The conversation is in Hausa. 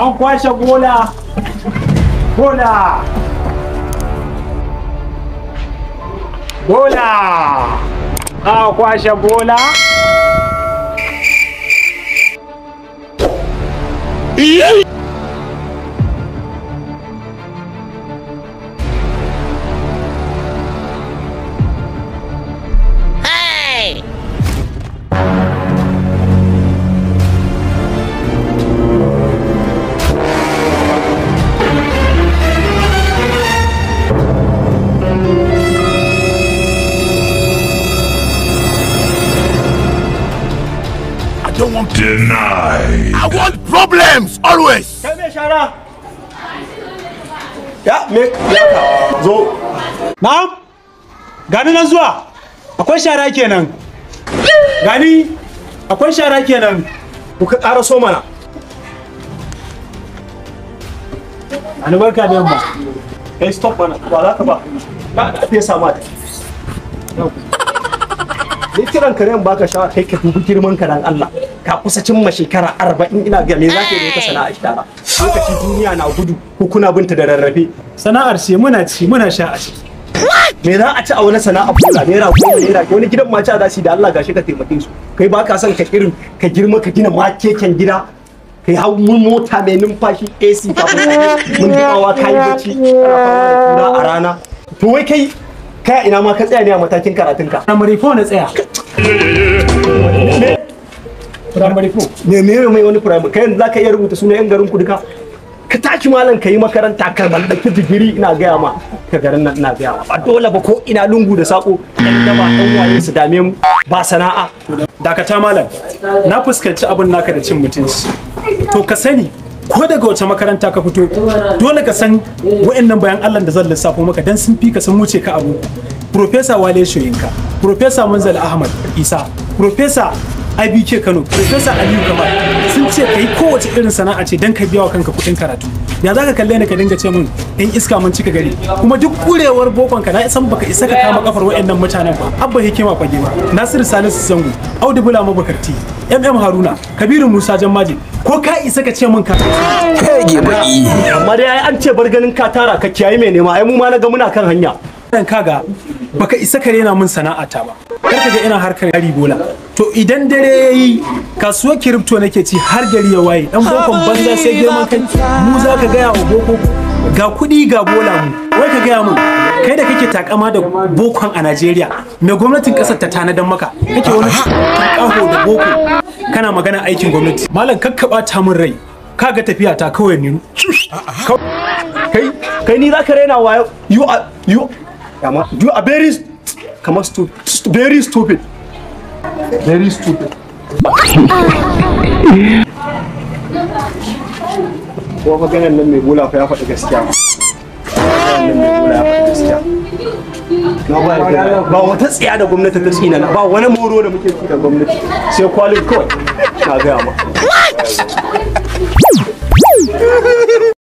Aunque bola bola bola Aunque agulha! E aí? don't want deny. I want problems always. Yeah, make Shara. Ya, Gani nan a Akwai shara kenan. Gani. a shara kenan. Ku ka ƙara so mana. Albarka da yamma. Hey, stop mana. Ba za ka ba. Ba ka fesa baka sha kai ka dubi girman ka dan Allah. ka kusa cimma shekara arba'in ina ga me za ka yi ta sana'ar shara lokaci duniya na gudu ko kuna binta da rarrafe sana'ar ce muna ci muna sha a ciki me za a ci a wani sana'a kula naira goma naira wani gidan mace ci a da Allah gashi ka taimake su kai ba ka son ka irin ka girma ka gina makeken gida kai hau mun mota mai numfashi AC ka mun dawa kai bacci na a rana to wai kai kai ina ma ka tsaya ne a matakin ka. na marifo na tsaya primary pro me mai wani primary kai zaka iya rubuta sunan yan garin ku duka ka tashi malam ka yi makaranta ka mallaki digiri ina gaya ma ka garin nan ina gaya ma ba dole ba ko ina lungu da sako dan daba dan waye su dame mu ba sana'a dakata malam na fuskanci abin naka da cin mutunci to ka sani ko daga wace makaranta ka fito dole ka san wa'annan bayan Allah da zan lissafo maka dan sun fi ka san wuce ka abu Profesa Wale Shoyinka, Profesa Munzal Ahmad Isa, Profesa IBK kano professor aliyu kamal sun ce kai kowace irin sana'a ce dan ka biya wa kanka kuɗin karatu ya zaka ka kalle ni ka dinga ce min in iska mun cika gari kuma duk kurewar bokon ka na san baka isa ka kama kafar waɗannan mutanen ba abba hikima fage ba nasiru salisu zango audu bula mabakarti mm haruna kabiru musa jammaji ko ka isa ka ce min ka kage baki amma dai an ce bar ganin ka tara ka kiyaye mai nema ai mu ma na ga muna kan hanya dan kaga baka isa ka rena min ta ba kar ka ga ina harkar yari bola to idan dare ya yi kasuwar kiripto nake ci har gari ya waye dan bokon banza sai girman kai mu za ka gaya wa boko ga kuɗi ga bola mu wai ka gaya mun kai da kake takama da bokon a najeriya mai gwamnatin kasar ta tanadan maka kake wani ƙaho da boko kana magana aikin gwamnati malam kakkaba ta min rai kaga tafiya ta kawai ni kai kai ni za ka raina wa you are you you are very kamar very stupid Very stupid. Ko maganar nan mai bula fa ya faɗi gaskiya. ba wata tsiya da gwamnati ta tsina ba wani moro da muke da gwamnati sai kwalin kawai na gaya ma